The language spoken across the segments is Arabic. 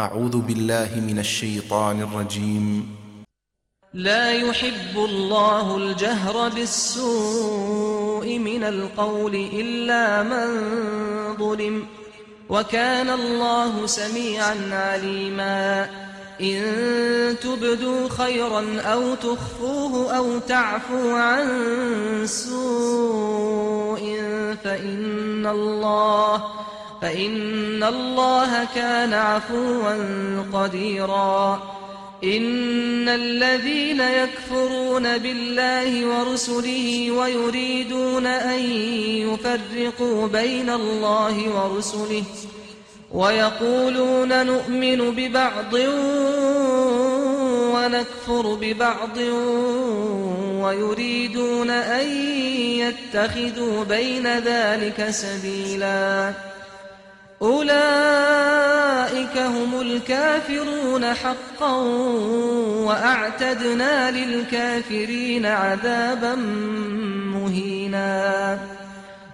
أعوذ بالله من الشيطان الرجيم لا يحب الله الجهر بالسوء من القول إلا من ظلم وكان الله سميعا عليما إن تبدوا خيرا أو تخفوه أو تعفوا عن سوء فإن الله فإن الله كان عفوا قديرا إن الذين يكفرون بالله ورسله ويريدون أن يفرقوا بين الله ورسله ويقولون نؤمن ببعض ونكفر ببعض ويريدون أن يتخذوا بين ذلك سبيلاً أولئك هم الكافرون حقا وأعتدنا للكافرين عذابا مهينا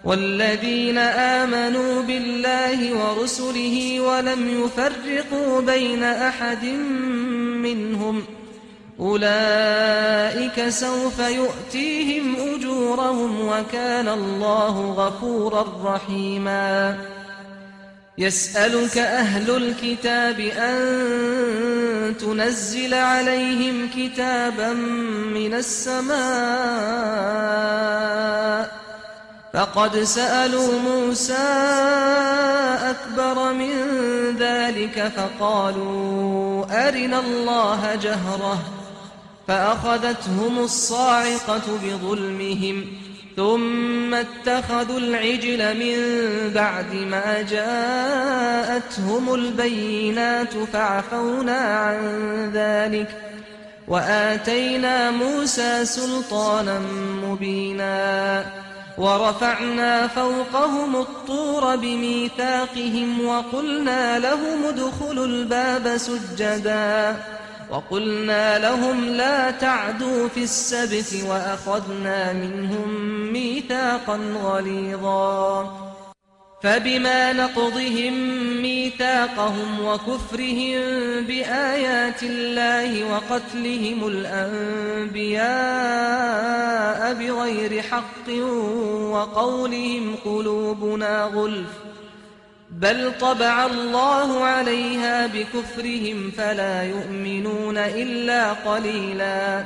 والذين آمنوا بالله ورسله ولم يفرقوا بين أحد منهم أولئك سوف يؤتيهم أجورهم وكان الله غفورا رحيماً يسألك أهل الكتاب أن تنزل عليهم كتابا من السماء فقد سألوا موسى أكبر من ذلك فقالوا أرنا الله جهرة فأخذتهم الصاعقة بظلمهم ثم اتخذوا العجل من بعد ما جاءتهم البينات فعفونا عن ذلك وآتينا موسى سلطانا مبينا ورفعنا فوقهم الطور بميثاقهم وقلنا لهم ادخلوا الباب سجداً وقلنا لهم لا تعدوا في السبت وأخذنا منهم ميثاقا غليظا فبما نقضهم ميثاقهم وكفرهم بآيات الله وقتلهم الأنبياء بغير حق وقولهم قلوبنا غُلْفٌ بل طبع الله عليها بكفرهم فلا يؤمنون إلا قليلا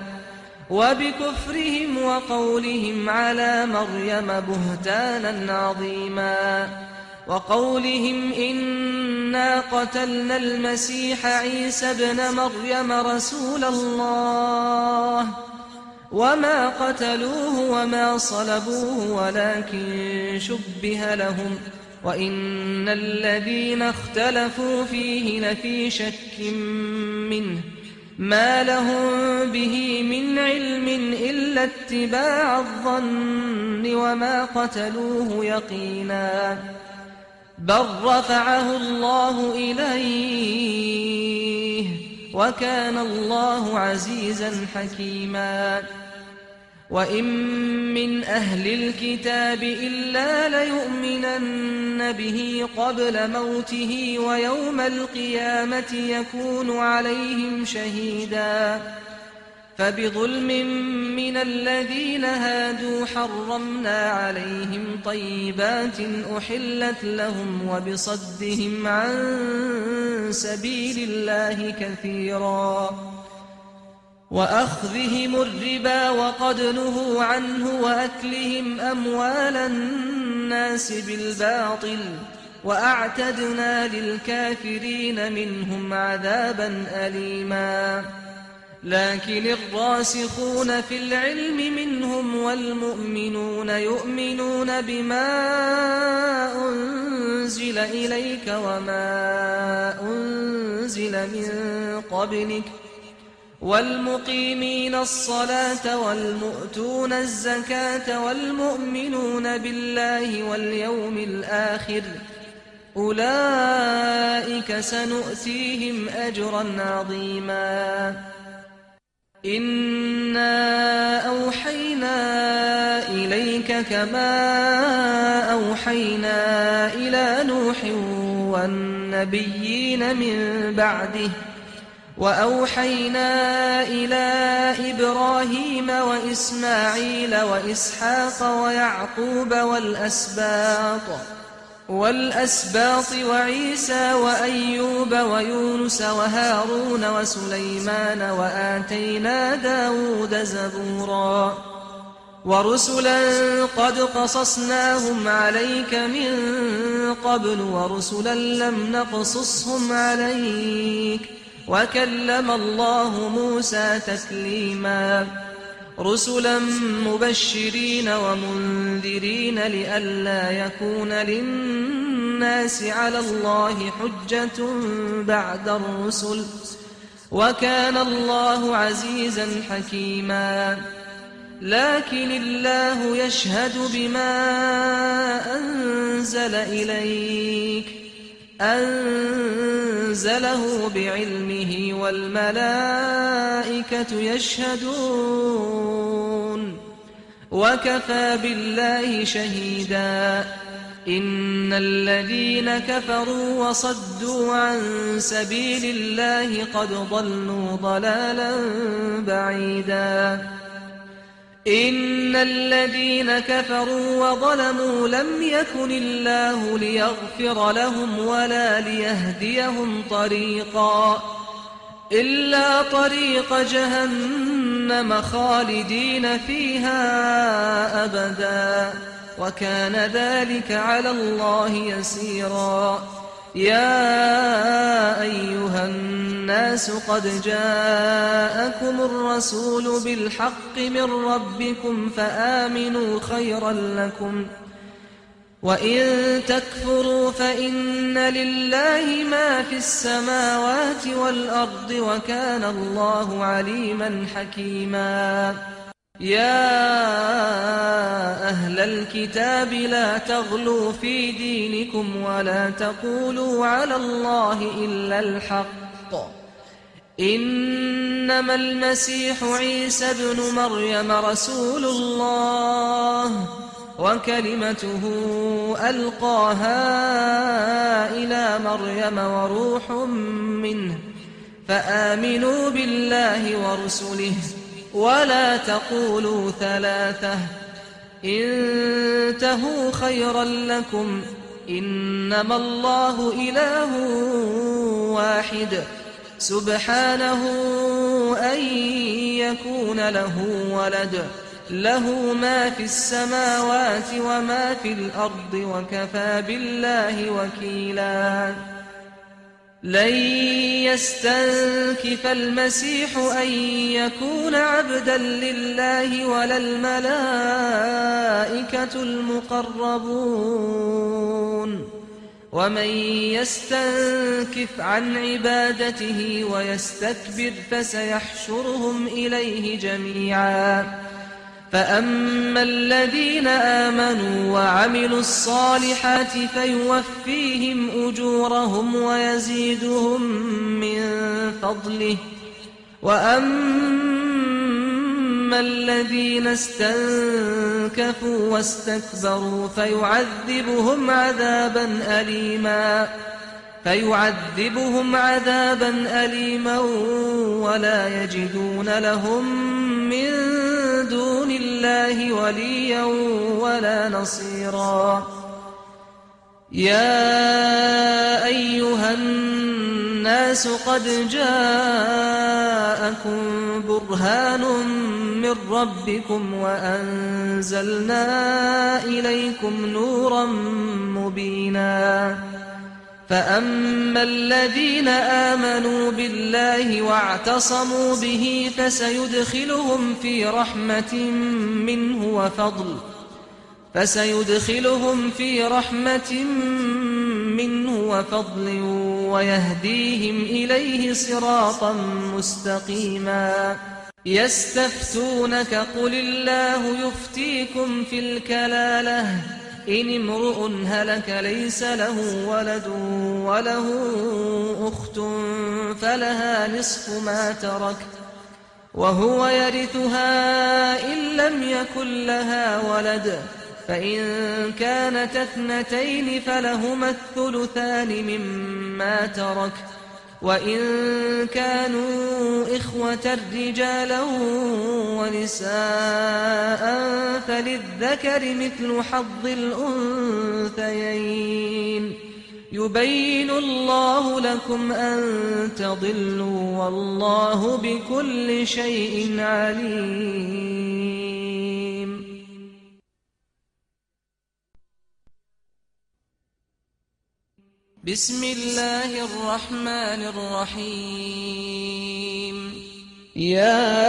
وبكفرهم وقولهم على مريم بهتانا عظيما وقولهم إنا قتلنا المسيح عيسى ابن مريم رسول الله وما قتلوه وما صلبوه ولكن شبه لهم ۖ وإن الذين اختلفوا فيه لفي شك منه ما لهم به من علم إلا اتباع الظن وما قتلوه يقينا بل رفعه الله إليه وكان الله عزيزا حكيما وإن من أهل الكتاب إلا ليؤمنن به قبل موته ويوم القيامة يكون عليهم شهيدا فبظلم من الذين هادوا حرمنا عليهم طيبات أحلت لهم وبصدهم عن سبيل الله كثيراً وأخذهم الربا وقد نهوا عنه وأكلهم أموال الناس بالباطل وأعتدنا للكافرين منهم عذابا أليما لكن الراسخون في العلم منهم والمؤمنون يؤمنون بما أنزل إليك وما أنزل من قبلك ۖ والمقيمين الصلاة والمؤتون الزكاة والمؤمنون بالله واليوم الآخر أولئك سنؤتيهم أجرا عظيما إنا أوحينا إليك كما أوحينا إلى نوح والنبيين من بعده وأوحينا إلى إبراهيم وإسماعيل وإسحاق ويعقوب والأسباط والأسباط وعيسى وأيوب ويونس وهارون وسليمان وآتينا داود زبورا ورسلا قد قصصناهم عليك من قبل ورسلا لم نقصصهم عليك ۖ وكلم الله موسى تسليما رسلا مبشرين ومنذرين لئلا يكون للناس على الله حجة بعد الرسل وكان الله عزيزا حكيما لكن الله يشهد بما أنزل إليك أنزله بعلمه والملائكة يشهدون وكفى بالله شهيدا إن الذين كفروا وصدوا عن سبيل الله قد ضلوا ضلالا بعيدا إن الذين كفروا وظلموا لم يكن الله ليغفر لهم ولا ليهديهم طريقا إلا طريق جهنم خالدين فيها أبدا وكان ذلك على الله يسيرا يا ايها الناس قد جاءكم الرسول بالحق من ربكم فامنوا خيرا لكم وان تكفروا فان لله ما في السماوات والارض وكان الله عليما حكيما يا أهل الكتاب لا تغلوا في دينكم ولا تقولوا على الله إلا الحق إنما المسيح عيسى ابن مريم رسول الله وكلمته ألقاها إلى مريم وروح منه فآمنوا بالله ورسله ولا تقولوا ثلاثة انتهوا خيرا لكم إنما الله إله واحد سبحانه أن يكون له ولد له ما في السماوات وما في الأرض وكفى بالله وكيلاً لن يستنكف المسيح أن يكون عبدا لله ولا الملائكة المقربون ومن يستنكف عن عبادته ويستكبر فسيحشرهم إليه جميعاً فأما الذين آمنوا وعملوا الصالحات فيوفيهم أجورهم ويزيدهم من فضله وأما الذين استنكفوا واستكبروا فيعذبهم عذابا أليما فيعذبهم عذابا أليما ولا يجدون لهم من الله وليا ولا نصيرا يا أيها الناس قد جاءكم برهان من ربكم وأنزلنا إليكم نورا مبيناً فأما الذين آمنوا بالله واعتصموا به فسيدخلهم في رحمة منه وفضل فسيدخلهم في رحمة منه وفضل ويهديهم إليه صراطا مستقيما يستفتونك قل الله يفتيكم في الكلاله إن امرؤ هلك ليس له ولد وله أخت فلها نصف ما ترك وهو يرثها إن لم يكن لها ولد فإن كانت اثنتين فلهما الثلثان مما ترك وإن كانوا إخوة رجالا ونساء فللذكر مثل حظ الأنثيين يبين الله لكم أن تضلوا والله بكل شيء عليم بسم الله الرحمن الرحيم يا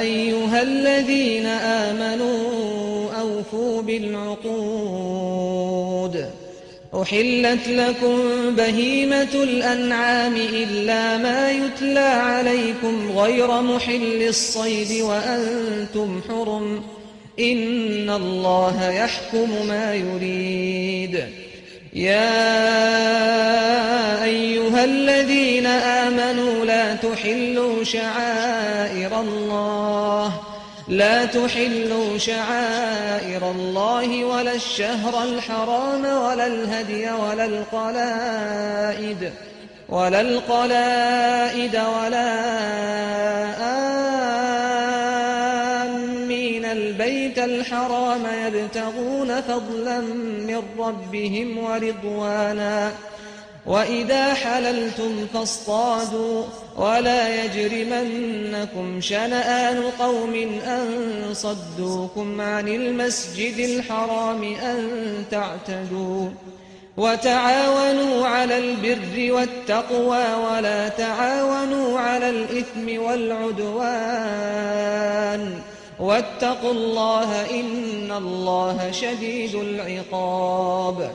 أيها الذين آمنوا أوفوا بالعقود أحلت لكم بهيمة الأنعام إلا ما يتلى عليكم غير محل الصيد وأنتم حرم إن الله يحكم ما يريد يا أيها الذين آمنوا لا تحلوا شعائر الله لا تحلوا شعائر الله ولا الشهر الحرام ولا الهدي ولا القلائد ولا القلائد ولا آه البيت الحرام يبتغون فضلا من ربهم ورضوانا وإذا حللتم فاصطادوا ولا يجرمنكم شنآن قوم أن صدوكم عن المسجد الحرام أن تعتدوا وتعاونوا على البر والتقوى ولا تعاونوا على الإثم والعدوان واتقوا الله إن الله شديد العقاب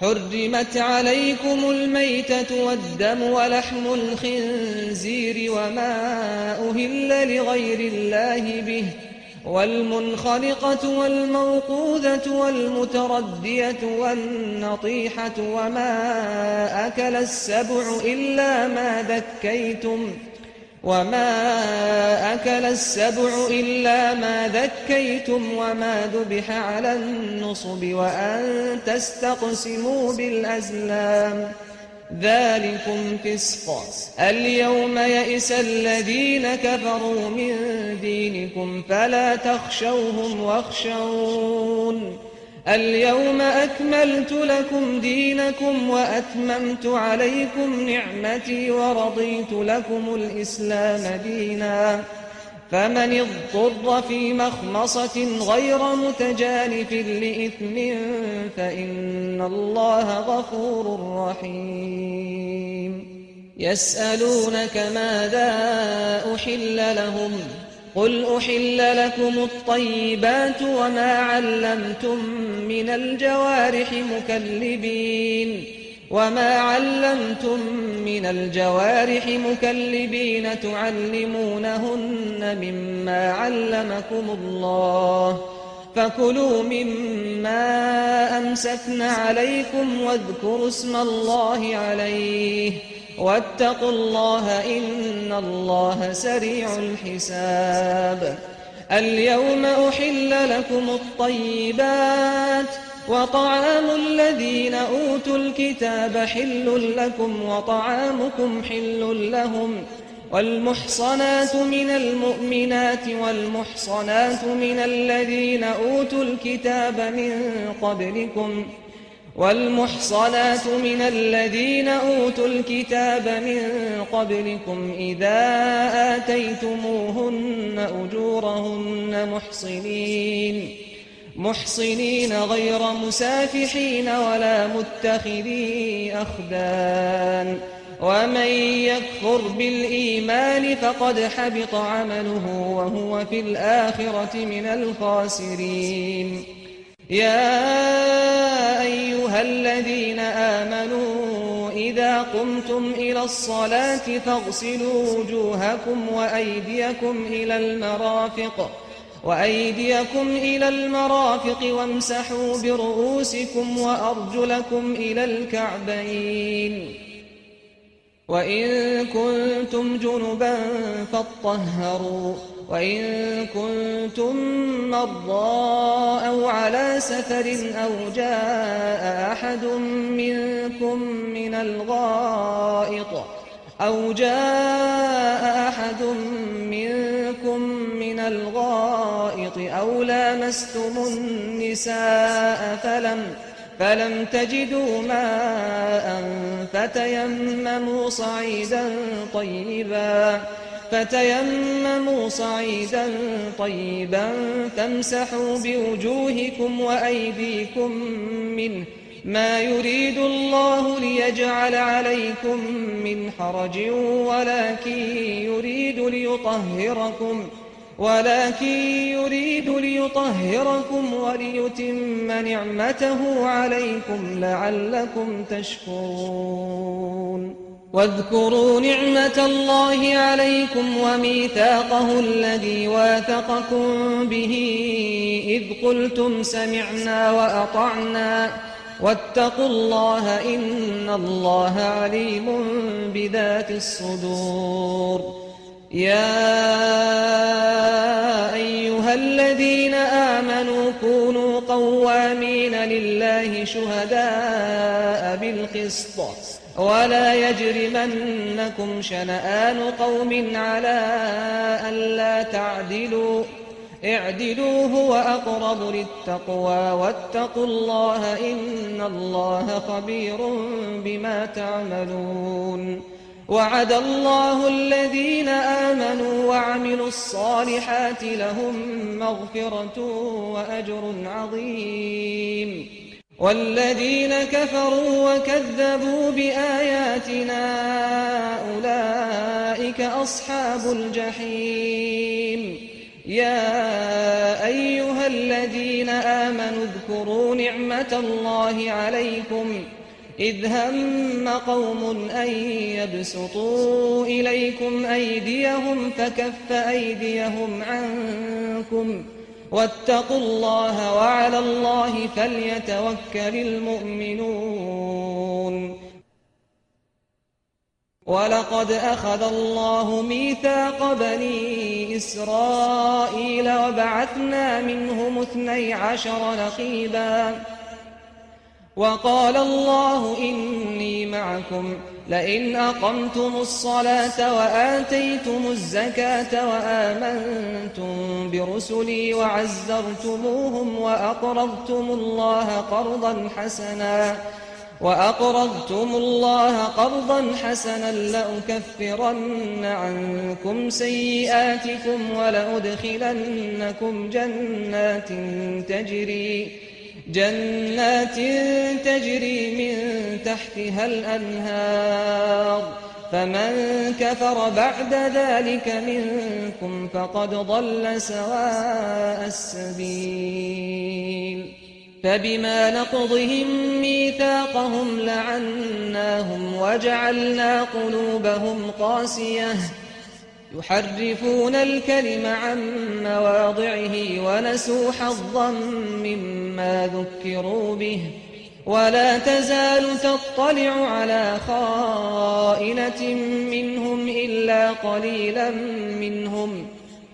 حرمت عليكم الميتة والدم ولحم الخنزير وما أهل لغير الله به والمنخلقة والموقوذة والمتردية والنطيحة وما أكل السبع إلا ما ذكيتم ۖ وما أكل السبع إلا ما ذكيتم وما ذبح على النصب وأن تستقسموا بالأزلام ذلكم فسق اليوم يئس الذين كفروا من دينكم فلا تخشوهم واخشون اليوم أكملت لكم دينكم وأتممت عليكم نعمتي ورضيت لكم الإسلام دينا فمن اضطر في مخمصة غير متجانف لإثم فإن الله غفور رحيم يسألونك ماذا أحل لهم ؟ قل أحل لكم الطيبات وما علمتم من الجوارح مكلبين وما علمتم من الجوارح مكلبين تعلمونهن مما علمكم الله فكلوا مما أمسكن عليكم واذكروا اسم الله عليه واتقوا الله إن الله سريع الحساب اليوم أحل لكم الطيبات وطعام الذين أوتوا الكتاب حل لكم وطعامكم حل لهم والمحصنات من المؤمنات والمحصنات من الذين أوتوا الكتاب من قبلكم ۖ والمحصنات من الذين أوتوا الكتاب من قبلكم إذا آتيتموهن أجورهن محصنين محصنين غير مسافحين ولا متخذي أخدان ومن يكفر بالإيمان فقد حبط عمله وهو في الآخرة من الخاسرين يا أيها الذين آمنوا إذا قمتم إلى الصلاة فاغسلوا وجوهكم وأيديكم إلى المرافق وأيديكم إلى المرافق وامسحوا برؤوسكم وأرجلكم إلى الكعبين وإن كنتم جنبا فاطهروا وإن كنتم مرضى أو على سفر أو جاء أحد منكم من الغائط أو جاء أحد منكم من الغائط أو لامستم النساء فلم فلم تجدوا ماء فتيمموا صعيدا طيبا فتيمموا صعيدا طيبا فامسحوا بوجوهكم وأيديكم منه ما يريد الله ليجعل عليكم من حرج ولكن يريد ليطهركم ولكن يريد ليطهركم وليتم نعمته عليكم لعلكم تشكرون واذكروا نعمة الله عليكم وميثاقه الذي واثقكم به إذ قلتم سمعنا وأطعنا واتقوا الله إن الله عليم بذات الصدور يا أيها الذين آمنوا كونوا قوامين لله شهداء بالقسط ولا يجرمنكم شنآن قوم على ألا تعدلوا اعدلوا هو أقرب للتقوى واتقوا الله إن الله خبير بما تعملون وعد الله الذين آمنوا وعملوا الصالحات لهم مغفرة وأجر عظيم والذين كفروا وكذبوا بآياتنا أولئك أصحاب الجحيم يا أيها الذين آمنوا اذكروا نعمة الله عليكم إذ هم قوم أن يبسطوا إليكم أيديهم فكف أيديهم عنكم ۖ واتقوا الله وعلى الله فليتوكل المؤمنون ولقد أخذ الله ميثاق بني إسرائيل وبعثنا منهم اثني عشر نقيبا وقال الله إني معكم لئن أقمتم الصلاة وآتيتم الزكاة وآمنتم برسلي وعزرتموهم وأقرضتم الله قرضا حسنا وأقرضتم الله قرضا حسنا لأكفرن عنكم سيئاتكم ولأدخلنكم جنات تجري جنات تجري من تحتها الأنهار فمن كفر بعد ذلك منكم فقد ضل سواء السبيل فبما نقضهم ميثاقهم لعناهم وجعلنا قلوبهم قاسيه يحرفون الكلم عن مواضعه ونسوا حظا مما ذكروا به ولا تزال تطلع على خائنة منهم إلا قليلا منهم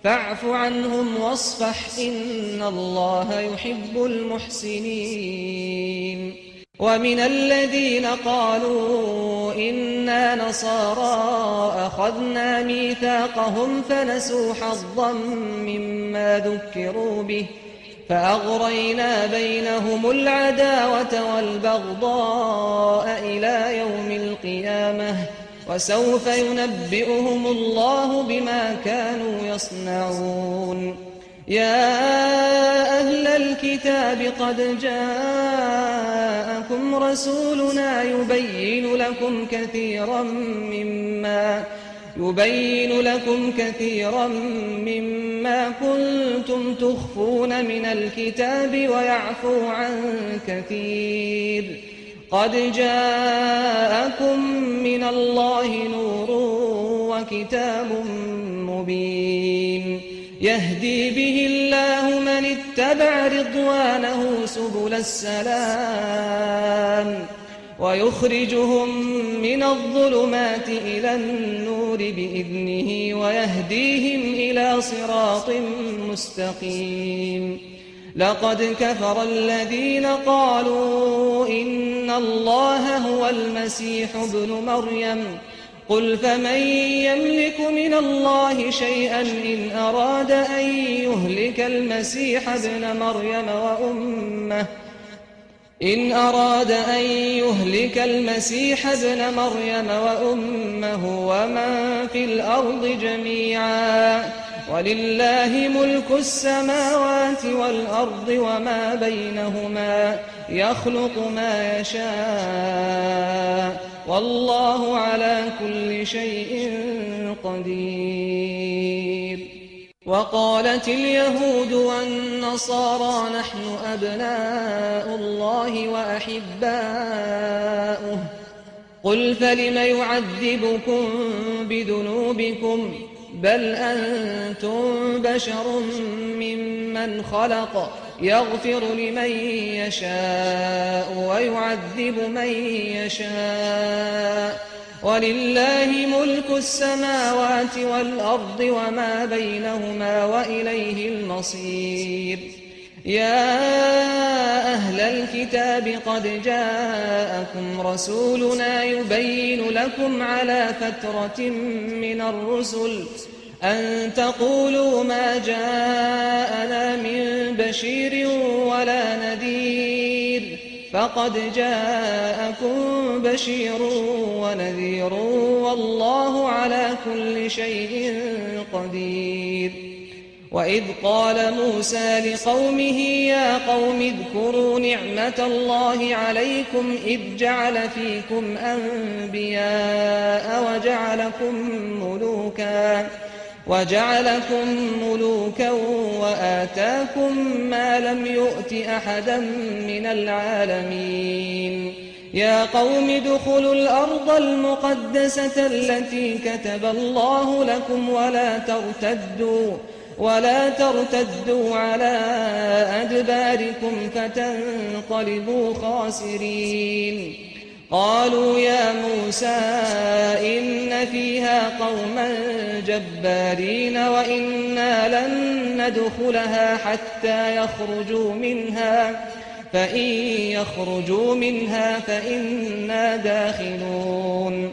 فاعف عنهم واصفح إن الله يحب المحسنين ومن الذين قالوا إنا نصارى أخذنا ميثاقهم فنسوا حظا مما ذكروا به فأغرينا بينهم العداوة والبغضاء إلى يوم القيامة وسوف ينبئهم الله بما كانوا يصنعون يا أهل الكتاب قد جاءكم رسولنا يبين لكم كثيرا مما يبين لكم كثيرا مما كنتم تخفون من الكتاب ويعفو عن كثير قد جاءكم من الله نور وكتاب مبين يهدي به الله من اتبع رضوانه سبل السلام ويخرجهم من الظلمات إلى النور بإذنه ويهديهم إلى صراط مستقيم لقد كفر الذين قالوا إن الله هو المسيح ابن مريم قل فمن يملك من الله شيئا إن أراد أن يهلك المسيح ابن مريم وأمه إن أراد أن يهلك المسيح ابن مريم وأمه ومن في الأرض جميعا ولله ملك السماوات والأرض وما بينهما يخلق ما يشاء والله على كل شيء قدير وقالت اليهود والنصارى نحن أبناء الله وأحباؤه قل فلم يعذبكم بذنوبكم بل أنتم بشر ممن خلق يغفر لمن يشاء ويعذب من يشاء ولله ملك السماوات والأرض وما بينهما وإليه المصير يا أهل الكتاب قد جاءكم رسولنا يبين لكم على فترة من الرسل أن تقولوا ما جاءنا من بشير ولا نذير فقد جاءكم بشير ونذير والله على كل شيء قدير وإذ قال موسى لقومه يا قوم اذكروا نعمة الله عليكم إذ جعل فيكم أنبياء وجعلكم ملوكا وجعلكم ملوكا وآتاكم ما لم يؤت أحدا من العالمين يا قوم ادخلوا الأرض المقدسة التي كتب الله لكم ولا ترتدوا ولا ترتدوا على أدباركم فتنقلبوا خاسرين قالوا يا موسى إن فيها قوما جبارين وإنا لن ندخلها حتى يخرجوا منها فإن يخرجوا منها فإنا داخلون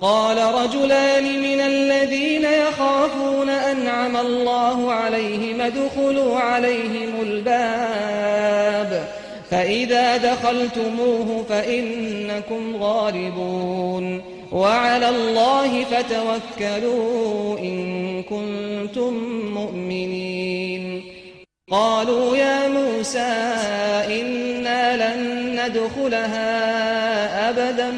قال رجلان من الذين يخافون أنعم الله عليهم ادخلوا عليهم الباب فإذا دخلتموه فإنكم غالبون وعلى الله فتوكلوا إن كنتم مؤمنين قالوا يا موسى إنا لن ندخلها أبدا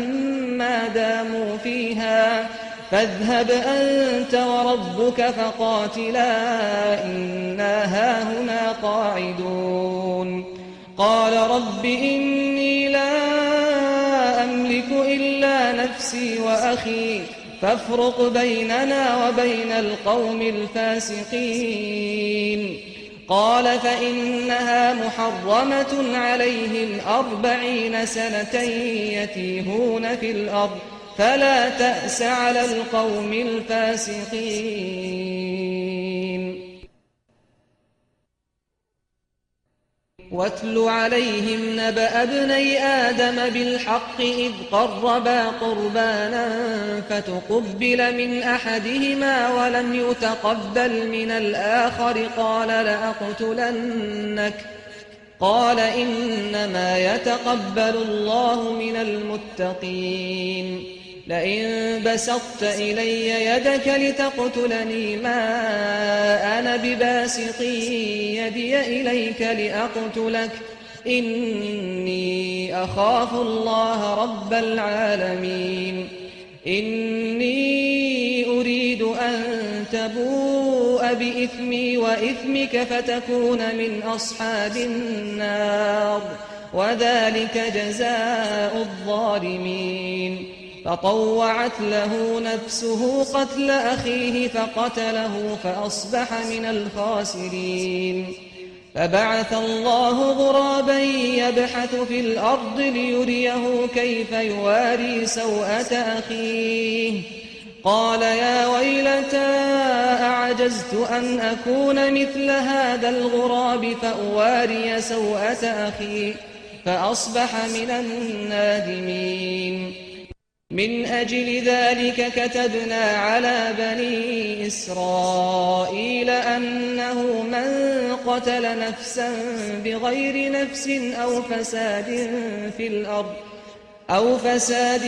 ما داموا فيها فاذهب أنت وربك فقاتلا إنا هاهنا قاعدون قال رب إني لا أملك إلا نفسي وأخي فافرق بيننا وبين القوم الفاسقين قال فإنها محرمة عليهم أربعين سنة يتيهون في الأرض فلا تأس على القوم الفاسقين واتل عليهم نبأ ابني آدم بالحق إذ قربا قربانا فتقبل من أحدهما ولم يتقبل من الآخر قال لأقتلنك قال إنما يتقبل الله من المتقين لئن بسطت إلي يدك لتقتلني ما أنا بباسط يدي إليك لأقتلك إني أخاف الله رب العالمين إني أريد أن تبوء بإثمي وإثمك فتكون من أصحاب النار وذلك جزاء الظالمين فطوعت له نفسه قتل أخيه فقتله فأصبح من الخاسرين فبعث الله غرابا يبحث في الأرض ليريه كيف يواري سوءة أخيه قال يا ويلتى أعجزت أن أكون مثل هذا الغراب فأواري سوءة أخي فأصبح من النادمين من أجل ذلك كتبنا على بني إسرائيل أنه من قتل نفسا بغير نفس أو فساد في الأرض أو فساد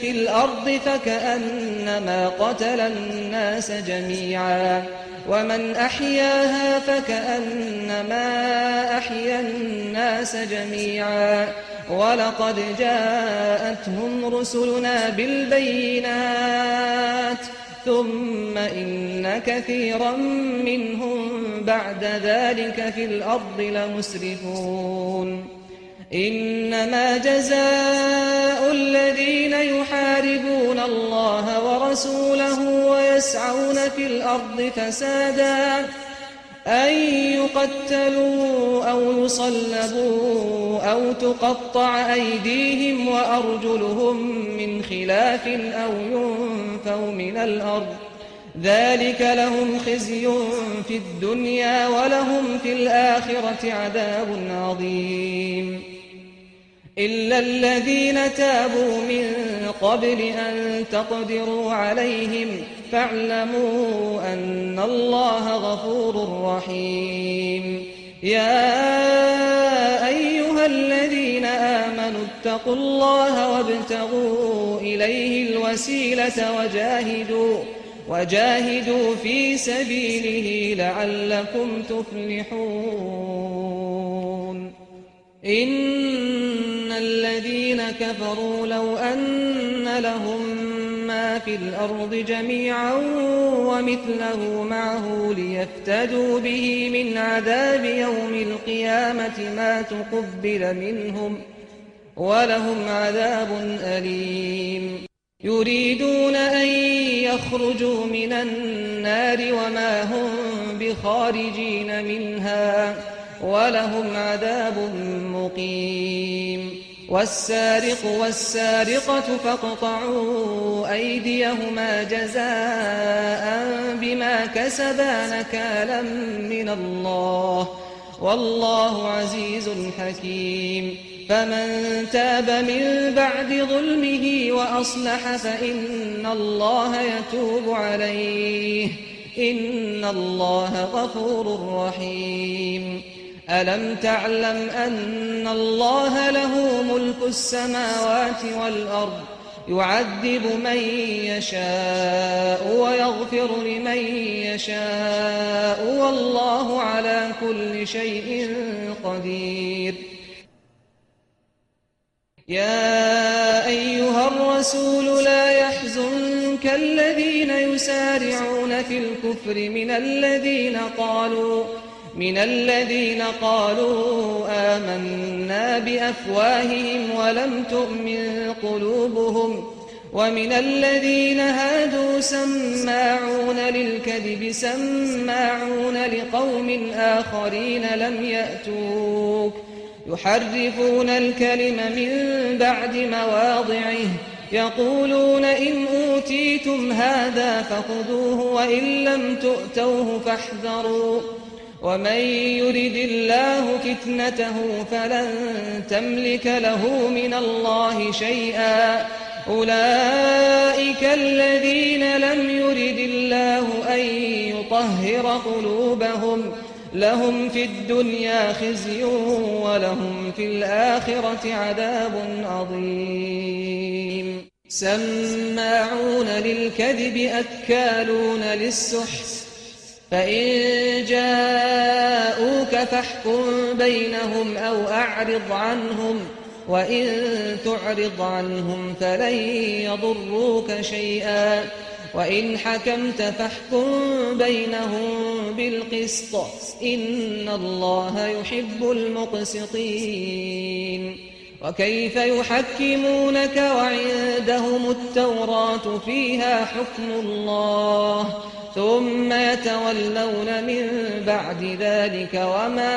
في الأرض فكأنما قتل الناس جميعاً ومن أحياها فكأنما أحيا الناس جميعا ولقد جاءتهم رسلنا بالبينات ثم إن كثيرا منهم بعد ذلك في الأرض لمسرفون إنما جزاء الذين يحاربون الله ورسوله ويسعون في الأرض فسادا أن يقتلوا أو يصلبوا أو تقطع أيديهم وأرجلهم من خلاف أو ينفوا من الأرض ذلك لهم خزي في الدنيا ولهم في الآخرة عذاب عظيم إلا الذين تابوا من قبل أن تقدروا عليهم فاعلموا أن الله غفور رحيم يا أيها الذين آمنوا اتقوا الله وابتغوا إليه الوسيلة وجاهدوا وجاهدوا في سبيله لعلكم تفلحون إن الذين كفروا لو أن لهم ما في الأرض جميعا ومثله معه ليفتدوا به من عذاب يوم القيامة ما تقبل منهم ولهم عذاب أليم يريدون أن يخرجوا من النار وما هم بخارجين منها ولهم عذاب مقيم والسارق والسارقة فاقطعوا أيديهما جزاء بما كسبا نكالا من الله والله عزيز حكيم فمن تاب من بعد ظلمه وأصلح فإن الله يتوب عليه إن الله غفور رحيم ألم تعلم أن الله له ملك السماوات والأرض يعذب من يشاء ويغفر لمن يشاء والله على كل شيء قدير يا أيها الرسول لا يحزنك الذين يسارعون في الكفر من الذين قالوا من الذين قالوا آمنا بأفواههم ولم تؤمن قلوبهم ومن الذين هادوا سماعون للكذب سماعون لقوم آخرين لم يأتوك يحرفون الكلم من بعد مواضعه يقولون إن أوتيتم هذا فخذوه وإن لم تؤتوه فاحذروا ومن يرد الله فتنته فلن تملك له من الله شيئا أولئك الذين لم يرد الله أن يطهر قلوبهم لهم في الدنيا خزي ولهم في الآخرة عذاب عظيم سماعون للكذب أكالون للسحت فإن جاءوك فاحكم بينهم أو أعرض عنهم وإن تعرض عنهم فلن يضروك شيئا وإن حكمت فاحكم بينهم بالقسط إن الله يحب المقسطين وكيف يحكمونك وعندهم التوراة فيها حكم الله ثم يتولون من بعد ذلك وما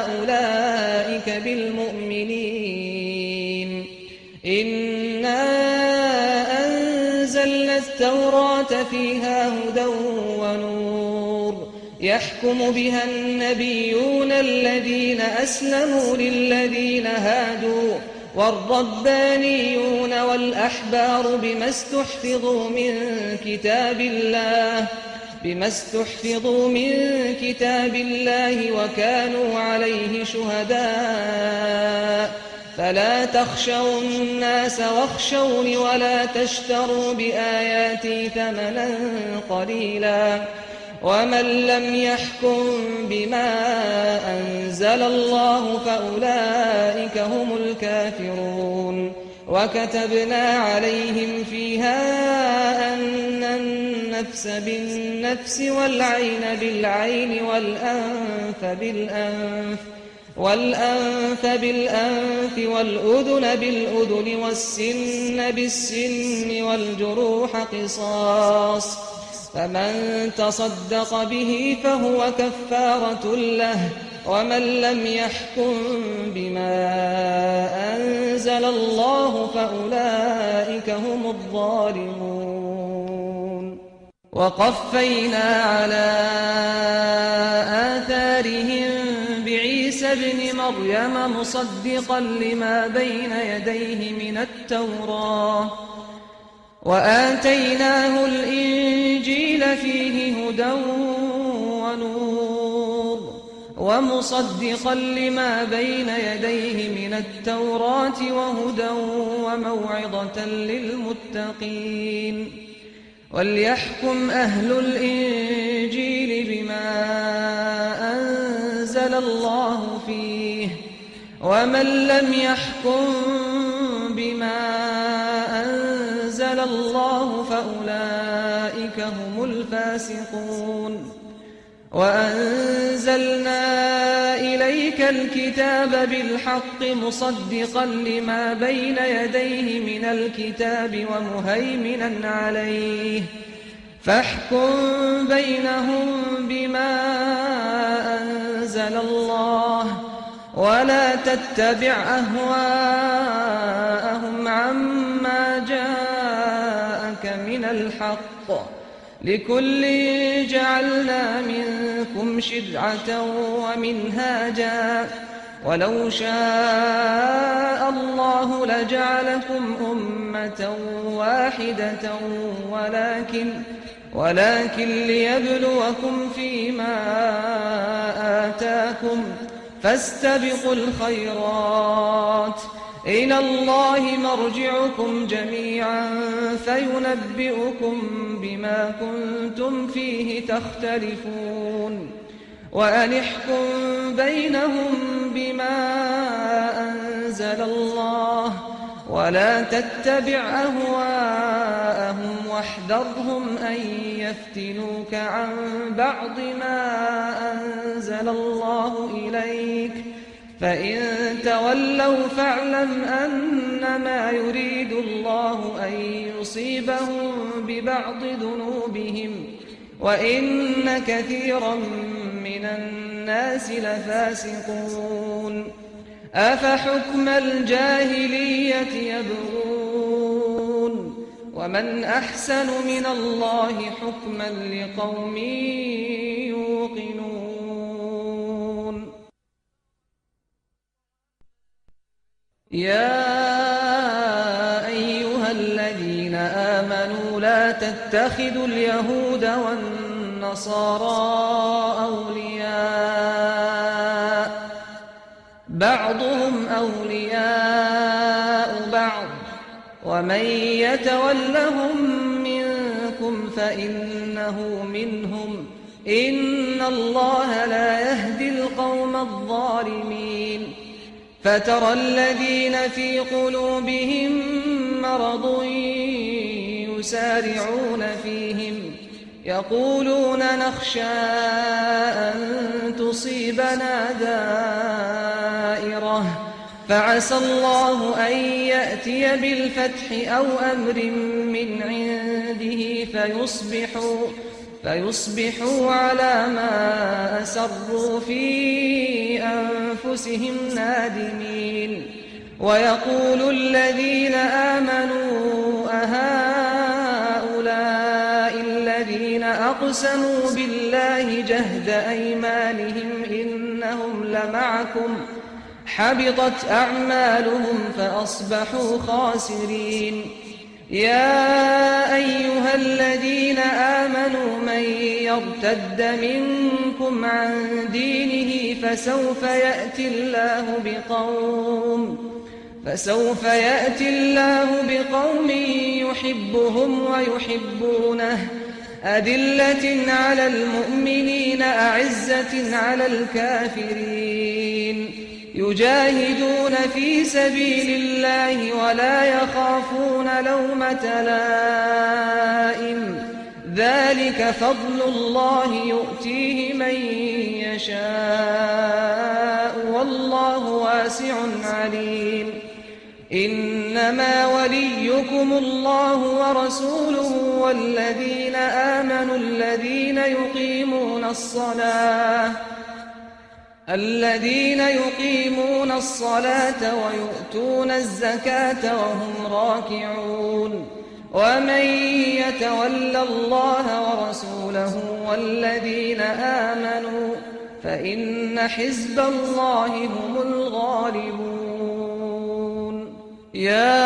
أولئك بالمؤمنين إنا أنزلنا التوراة فيها هدى يحكم بها النبيون الذين أسلموا للذين هادوا والربانيون والأحبار بما استحفظوا من كتاب الله بما استحفظوا من كتاب الله وكانوا عليه شهداء فلا تخشوا الناس واخشوني ولا تشتروا بآياتي ثمنا قليلا ومن لم يحكم بما أنزل الله فأولئك هم الكافرون وكتبنا عليهم فيها أن النفس بالنفس والعين بالعين والأنف بالأنف والأنف بالأنف والأذن بالأذن والسن بالسن والجروح قصاص فمن تصدق به فهو كفارة له ومن لم يحكم بما أنزل الله فأولئك هم الظالمون وقفينا على آثارهم بعيسى ابن مريم مصدقا لما بين يديه من التوراة وآتيناه الإنسان فيه هدى ونور ومصدقا لما بين يديه من التوراة وهدى وموعظة للمتقين وليحكم أهل الإنجيل بما أنزل الله فيه ومن لم يحكم بما أنزل الله فأولئك هم فاسقون وأنزلنا إليك الكتاب بالحق مصدقا لما بين يديه من الكتاب ومهيمنا عليه فاحكم بينهم بما أنزل الله ولا تتبع أهواءهم عما جاءك من الحق لكل جعلنا منكم شرعة ومنهاجا ولو شاء الله لجعلكم أمة واحدة ولكن ولكن ليبلوكم فيما آتاكم فاستبقوا الخيرات ۖ إلى الله مرجعكم جميعا فينبئكم بما كنتم فيه تختلفون وأنحكم بينهم بما أنزل الله ولا تتبع أهواءهم واحذرهم أن يفتنوك عن بعض ما أنزل الله إليك ۖ فإن تولوا فاعلم أنما يريد الله أن يصيبهم ببعض ذنوبهم وإن كثيرا من الناس لفاسقون أفحكم الجاهلية يبغون ومن أحسن من الله حكما لقوم يوقنون يا أيها الذين آمنوا لا تتخذوا اليهود والنصارى أولياء بعضهم أولياء بعض ومن يتولهم منكم فإنه منهم إن الله لا يهدي القوم الظالمين فترى الذين في قلوبهم مرض يسارعون فيهم يقولون نخشى أن تصيبنا دائرة فعسى الله أن يأتي بالفتح أو أمر من عنده فيصبحوا فيصبحوا على ما أسروا في أنفسهم نادمين ويقول الذين آمنوا أهؤلاء الذين أقسموا بالله جهد أيمانهم إنهم لمعكم حبطت أعمالهم فأصبحوا خاسرين يا أيها الذين آمنوا من يرتد منكم عن دينه فسوف يأتي الله بقوم فسوف يأتي الله بقوم يحبهم ويحبونه أدلة على المؤمنين أعزة على الكافرين يجاهدون في سبيل الله ولا يخافون لومة لائم ذلك فضل الله يؤتيه من يشاء والله واسع عليم إنما وليكم الله ورسوله والذين آمنوا الذين يقيمون الصلاة الذين يقيمون الصلاة ويؤتون الزكاة وهم راكعون ومن يتولى الله ورسوله والذين آمنوا فإن حزب الله هم الغالبون يا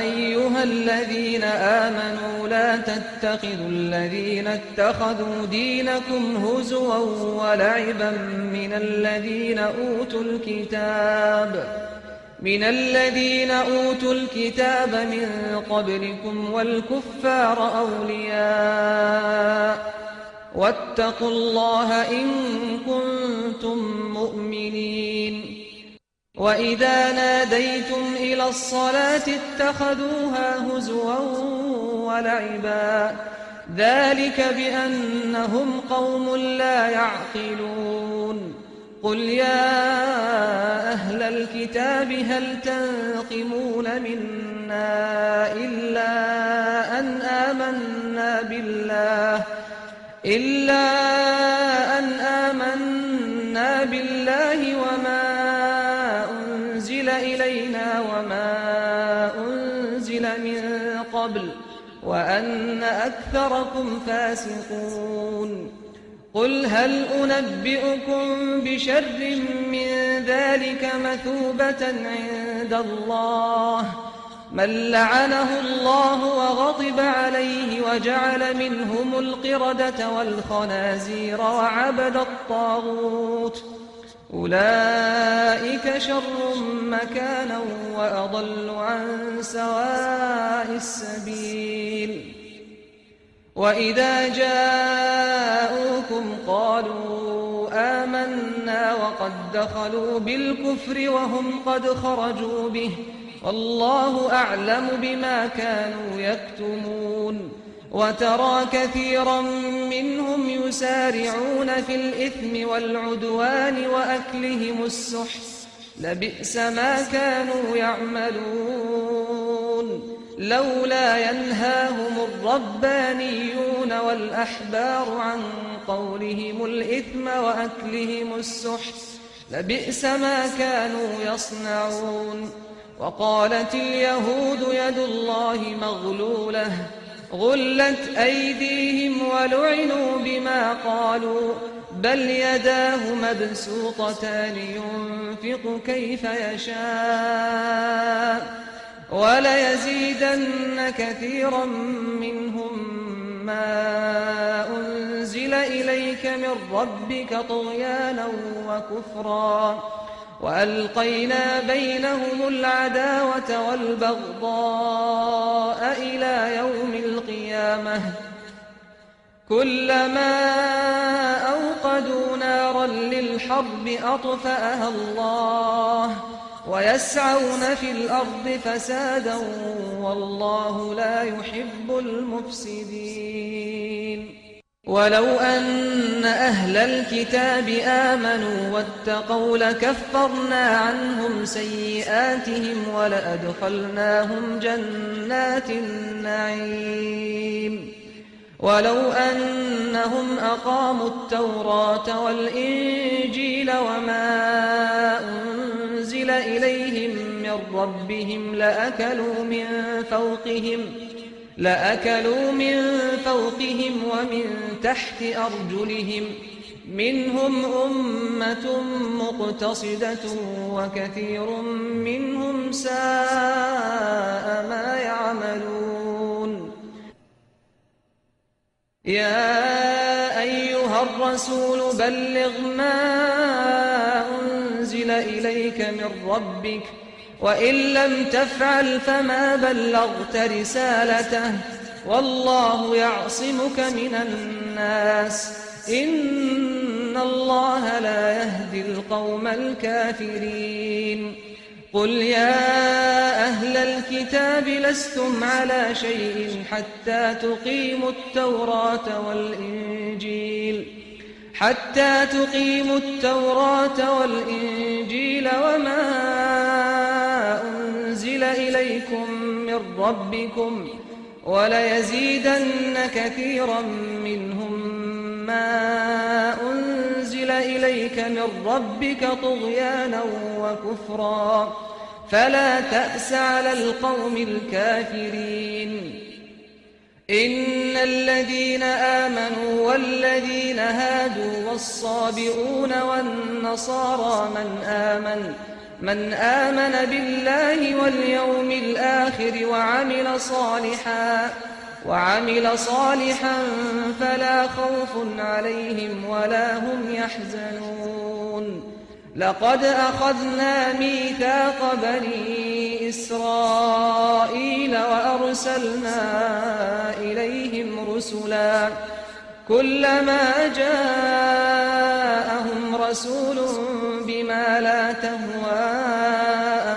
أيها الذين آمنوا تتخذوا الذين اتخذوا دينكم هزوا ولعبا من الذين أوتوا الكتاب من الذين أوتوا الكتاب من قبلكم والكفار أولياء واتقوا الله إن كنتم مؤمنين وإذا ناديتم إلى الصلاة اتخذوها هزوا ولعبا ذلك بأنهم قوم لا يعقلون قل يا أهل الكتاب هل تنقمون منا إلا أن آمنا بالله إلا قبل وأن أكثركم فاسقون قل هل أنبئكم بشر من ذلك مثوبة عند الله من لعنه الله وغضب عليه وجعل منهم القردة والخنازير وعبد الطاغوت أولئك شر مكانا وأضل عن سواء السبيل وإذا جاءوكم قالوا آمنا وقد دخلوا بالكفر وهم قد خرجوا به والله أعلم بما كانوا يكتمون وترى كثيرا منهم يسارعون في الإثم والعدوان وأكلهم السحت لبئس ما كانوا يعملون لولا ينهاهم الربانيون والأحبار عن قولهم الإثم وأكلهم السحت لبئس ما كانوا يصنعون وقالت اليهود يد الله مغلوله غلت أيديهم ولعنوا بما قالوا بل يداه مبسوطتان ينفق كيف يشاء وليزيدن كثيرا منهم ما أنزل إليك من ربك طغيانا وكفرا وألقينا بينهم العداوة والبغضاء إلى يوم القيامة كلما أوقدوا نارا للحرب أطفأها الله ويسعون في الأرض فسادا والله لا يحب المفسدين ولو أن أهل الكتاب آمنوا واتقوا لكفرنا عنهم سيئاتهم ولأدخلناهم جنات النعيم ولو أنهم أقاموا التوراة والإنجيل وما أنزل إليهم من ربهم لأكلوا من فوقهم ۖ لأكلوا من فوقهم ومن تحت أرجلهم منهم أمة مقتصدة وكثير منهم ساء ما يعملون يا أيها الرسول بلغ ما أنزل إليك من ربك ۖ وإن لم تفعل فما بلغت رسالته والله يعصمك من الناس إن الله لا يهدي القوم الكافرين قل يا أهل الكتاب لستم على شيء حتى تقيموا التوراة والإنجيل حتى تقيموا التوراة والإنجيل وما أنزل إليكم من ربكم وليزيدن كثيرا منهم ما أنزل إليك من ربك طغيانا وكفرا فلا تأس على القوم الكافرين إن الذين آمنوا والذين هادوا والصابئون والنصارى من آمن من آمن بالله واليوم الآخر وعمل صالحا وعمل صالحا فلا خوف عليهم ولا هم يحزنون لقد أخذنا ميثاق بني إسرائيل وأرسلنا إليهم رسلا كلما جاءهم رسول ما لا تهوى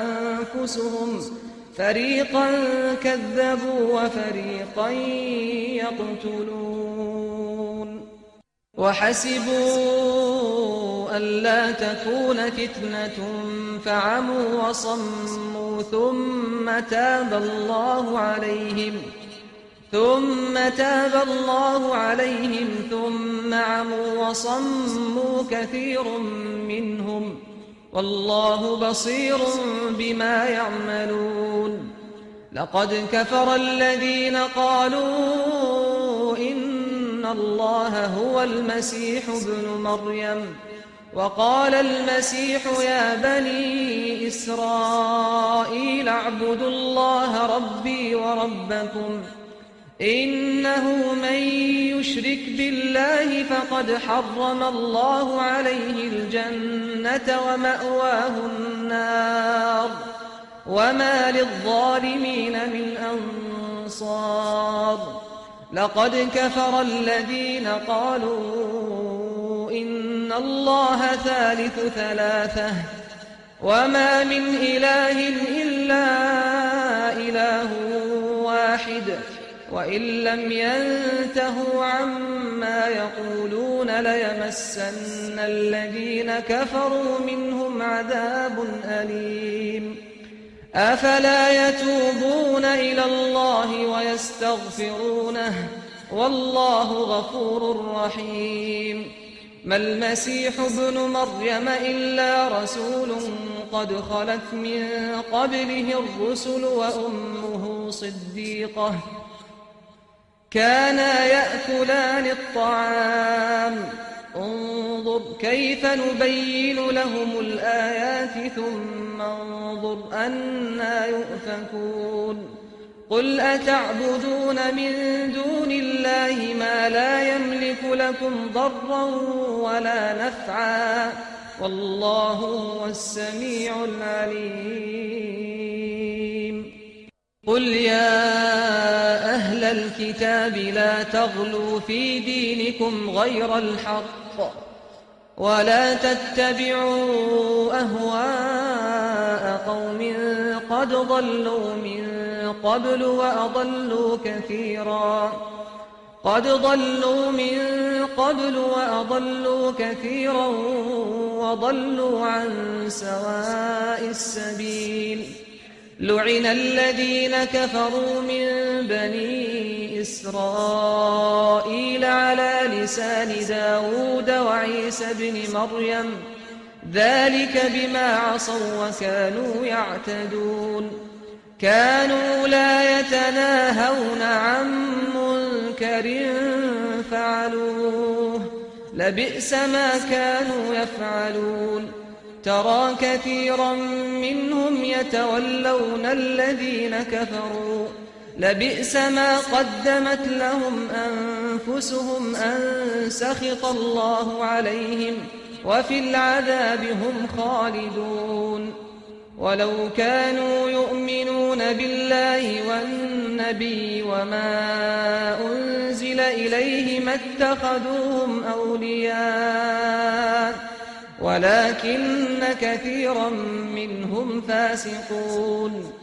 أنفسهم فريقا كذبوا وفريقا يقتلون وحسبوا ألا تكون فتنة فعموا وصموا ثم تاب الله عليهم ۖ ثم تاب الله عليهم ثم عموا وصموا كثير منهم والله بصير بما يعملون لقد كفر الذين قالوا إن الله هو المسيح ابن مريم وقال المسيح يا بني إسرائيل اعبدوا الله ربي وربكم ۖ إنه من يشرك بالله فقد حرم الله عليه الجنة ومأواه النار وما للظالمين من أنصار لقد كفر الذين قالوا إن الله ثالث ثلاثة وما من إله إلا إله واحد وإن لم ينتهوا عما يقولون ليمسن الذين كفروا منهم عذاب أليم أفلا يتوبون إلى الله ويستغفرونه والله غفور رحيم ما المسيح ابن مريم إلا رسول قد خلت من قبله الرسل وأمه صديقه كانا يأكلان الطعام انظر كيف نبين لهم الآيات ثم انظر أنا يؤفكون قل أتعبدون من دون الله ما لا يملك لكم ضرا ولا نفعا والله هو السميع العليم قل يا أهل الكتاب لا تغلوا في دينكم غير الحق ولا تتبعوا أهواء قوم قد ضلوا من قبل وأضلوا كثيرا قد ضلوا من قبل وأضلوا كثيرا وضلوا عن سواء السبيل لعن الذين كفروا من بني إسرائيل على لسان داود وعيسى بن مريم ذلك بما عصوا وكانوا يعتدون كانوا لا يتناهون عن منكر فعلوه لبئس ما كانوا يفعلون ترى كثيرا منهم يتولون الذين كفروا لبئس ما قدمت لهم أنفسهم أن سخط الله عليهم وفي العذاب هم خالدون ولو كانوا يؤمنون بالله والنبي وما أنزل إليه ما اتخذوهم أولياء ولكن كثيرا منهم فاسقون